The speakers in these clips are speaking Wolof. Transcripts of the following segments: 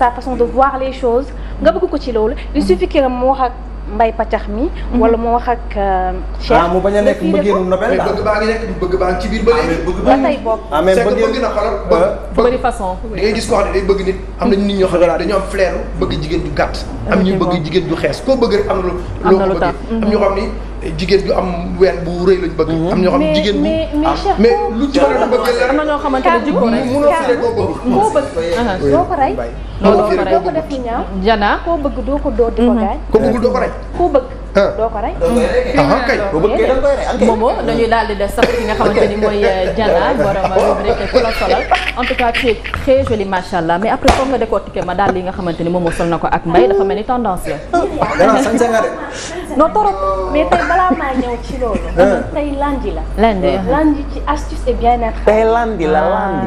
sa façon de voir les choses nga bëgg ko ci loolu il suffit que mu wax ak mbay paccax mi wala mu wax ak euh, Cheikh ah, mu bañ a nekk mbëggeenu nobel daal bëgg baa ngi nekk bëgg baa ngi ci biir ba ah, bëgg ba tey bopp ah, c'est que bëgg na bëgg bëri façon da ngay gis koo xam ne day bëgg nit am nañu nit ñoo xam ne dañoo am fleeru bëgg jigéen ju gàtt am ñu bëgg jigéen ju xees koo bëgg am na lu bëgg am ñoo xam ni jigéen ju am ween bu rëy lañ bëgg. Mhm. am ñoo xam jigéen bu mais ah, lu ci mën a bëgg la am ñoo xamante ne jikko rek munoo fi rek koo bëgg. koo bëgg doo ko rey. doo ko rey doo ko def ñaaw. jana koo bëgg doo ko doo di ko mhm. gaañ. koo bëgg doo ko rey. koo bëgg. doo ko rey. boobu dañuy daal di de sax ki nga xamante ni mooy Diana borom rubrique ku la solal en tout cas c'est très joli macha mais après foog nga décortiquer daal li nga xamante ni sol na ko ak mbay dafa mel ni tendance la. non trop mais tey balaa maa ñëw ci loolu. tey la. lundi lundi ci astuce et bien-être. tey lundi la lundi.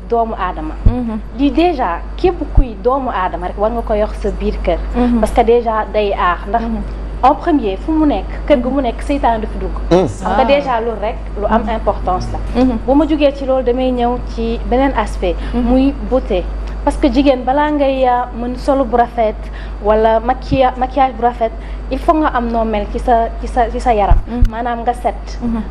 doomu aadama lii mm-hmm. déjà képp kuy doomu aadama rek war nga ko yox sa biir kër mm-hmm. parce que déjà day aax ndax mm-hmm. en premier fu mu nekk kër gu mu nekk seytaan dafa dugg xam mm. nga ah. déjà loolu rek lu am importance la bu ma jógee ci loolu damay ñëw ci beneen aspect muy beauté parce que jigéen balaa ngay ah, mën solo bu rafet wala maquillage maquillage bu rafet il faut nga am noo mel ci sa ci sa sa yaram maanaam nga set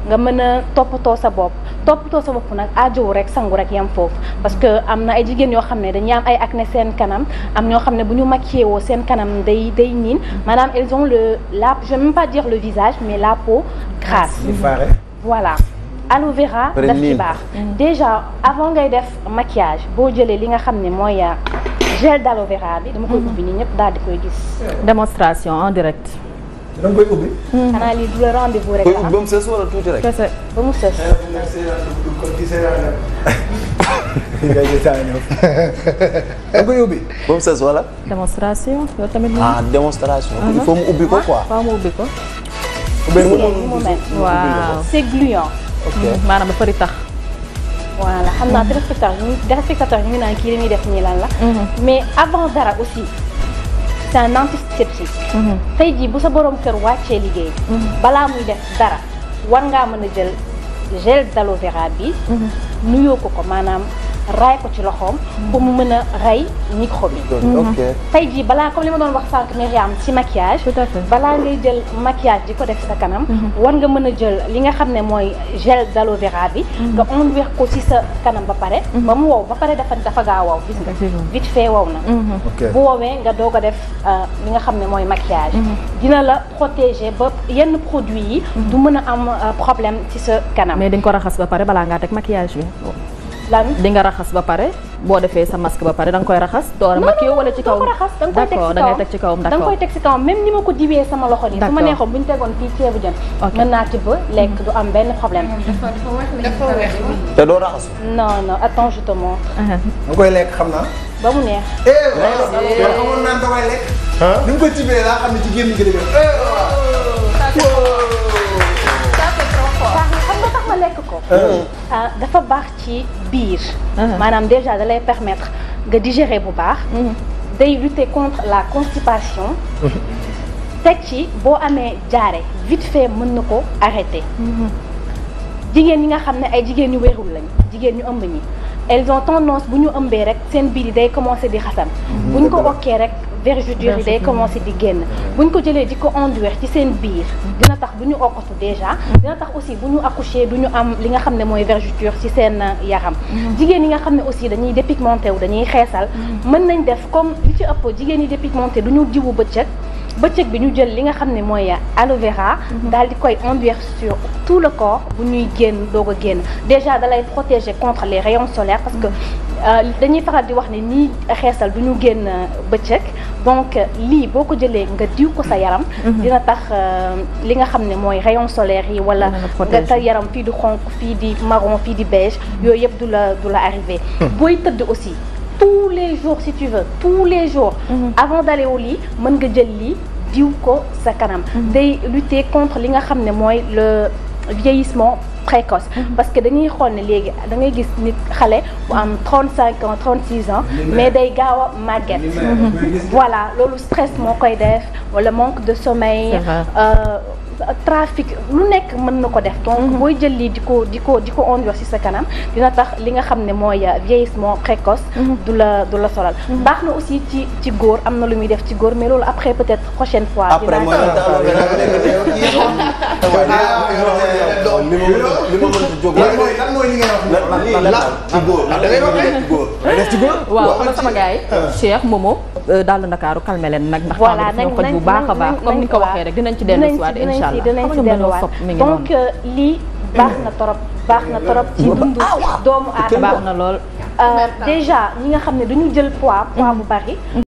nga mën a toppatoo sa bopp toppatoo sa bopp nag ajow rek sangu rek yam foofu parce que am na ay jigéen yoo xam ne dañuy am ay acné seen kanam am ñoo xam ne bu ñu maquillé woo seen kanam day day niin maanaam elles ont le la je vais même pas dire le visage mais la peau grasse voilà aloe vera daf baax mm. déjà avant ngay def maquillage boo jëlee li nga xam ne mooy euh, gel d'aloe vera bi dama koy mm-hmm. ubbi nii ñëpp daal di koy gis démonstration en direct da nga koy ubbi. xanaa lii du la rendez-vous rek. Ah. ba mu sës wala tuuti rek. sës ba mu sës. da nga koy ubbi. ba mu sës wala. démonstration loolu tamit. ah démonstration. il uh-huh. faut mu ubbi ko quoi. waaw mu ubbi ko. ubbi ko waaw c'est gluant. ok mm-hmm. maanaam ba pare tax. voilà xam naa téléspectateur mm-hmm. ñu téléspectateur ñu ngi naan kii la ñuy def nii lan la. Mm-hmm. mais avant dara aussi. c'est un antiseptique. Mhm. tey jii bu sa borom kër wàccee liggéey. Mhm. balaa muy def dara war ngaa mën a jël gel d'aloe vera bi. Mhm. nuyoo ko ko maanaam. raay ko ci loxoom. pour mu mën a ray micro bi. Mhm. jii balaa comme li ma doon wax sànq Myriam ci maquillage. balaa ngay jël maquillage di ko def sa kanam. Mhm. wan nga mën a jël li nga xam ne mooy gel d'aloe vera bi. Mhm. nga enduire ko ci sa kanam ba pare. ba mu wow ba pare dafa dafa gaa wow gis nga. vite fait wow na. bu woowee nga doog a def euh, li nga xam ne mooy maquillage. dina la protéger ba yenn produit yi. du mën a am euh, problème ci sa kanam. mais dañ ko raxas ba pare balaa ngaa teg maquillage lan di nga raxas ba pare boo defee sa masque ba pare danga koy raxas. door a maquillé wala ci kawam non da nga koy teg ci kawam da nga koy teg ci kawam même ni ma ko diwee sama loxo nii. su ma neexoon bu ñu tegoon fii ceebu jën. mën naa ci ba lekk du am benn problème. dafa weex te doo raxas. non non attends je te montre. Uh-huh. nga koy lekk xam naa. ba mu neex. eh lekk ko. Ah. Ah, dafa baax ci biir. Ah. maanaam déjà da lay permettre nga digérer bu baax. Mm-hmm. day lutter contre la constipation. Mm-hmm. teg ci boo amee jaare vite fait mën na ko arrêter. Mm-hmm. jigéen ñi nga xam ne ay jigéen ñu wérul lañ jigéen ñu ëmb ñi elles ont tendance bu ñu ëmbee rek seen biir yi day commencer di xasan. bu ñu ko okkee rek. yi day commencé di génn bu ñu ko jëlee di ko enduire ci seen biir dina tax du ñu okkatu déjà dina tax aussi bu ñu accoucher du ñu am li nga xam ne mooy vergeture ci seen euh, yaram mm-hmm. jigéen yi nga xam ne aussi dañuy dépigmenté wu dañuy xeesal mm-hmm. mën nañ def comme li ci ëpp jigéen yi dépigmenté du ñu jiwu bëccëg bëccëg bi ñu jël li nga xam ne mooy euh, aloe vera mm-hmm. daal di koy enduire sur tout le corps bu ñuy génn doog ko génn déjà dalay protéger contre les rayons solaires parce que Euh, dañuy faral di wax ne nii xeesal du ñu génn euh, bëccëg donc euh, lii boo ko jëlee nga diw ko sa yaram. Mhm. dina tax li nga xam ne mooy rayon solaire yi wala. nga ta yaram fii di xonq fii di maron fii di beige yooyu yëpp du la du la arrivé. Mhm. booy tëdd aussi. tous les jours si tu veux tous les jours mhm. avant d'aller au lit mën nga jël lii diw ko sa kanam day lutter contre li nga xam ne mooy le vieillissement précoce mm-hmm. parce que dañuy xool ne léegi dangay gis nit xale bu am trente cinq ans trente six ans mais day gaaw a màgget mm-hmm. voilà loolu stress moo koy def wala manque de sommeil trafic lu nekk mën na ko def donc booy jël lii di ko di ko di ko onyor ci sa kanam dina tax li nga xam ne mooy vieillissement précoce du la du la solal baax na aussi ci ci góor am na lu muy def ci góor mais loolu après être prochaine fois après mooy li a la da ngay wax ci góor da def ci góor waaw xam sama gars yi Momo daal Ndakaaru calme nag ndax voilà nañ bu baax a baax comme ni ko waxee rek dinañ ci dellu si waat allah dinañ si delluwaat donc euh, lii baax na torop baax na torop ci dundu ah, doomu aadama baax na lool euh, déjà ñi nga xam ne dañu jël poids poids bu bari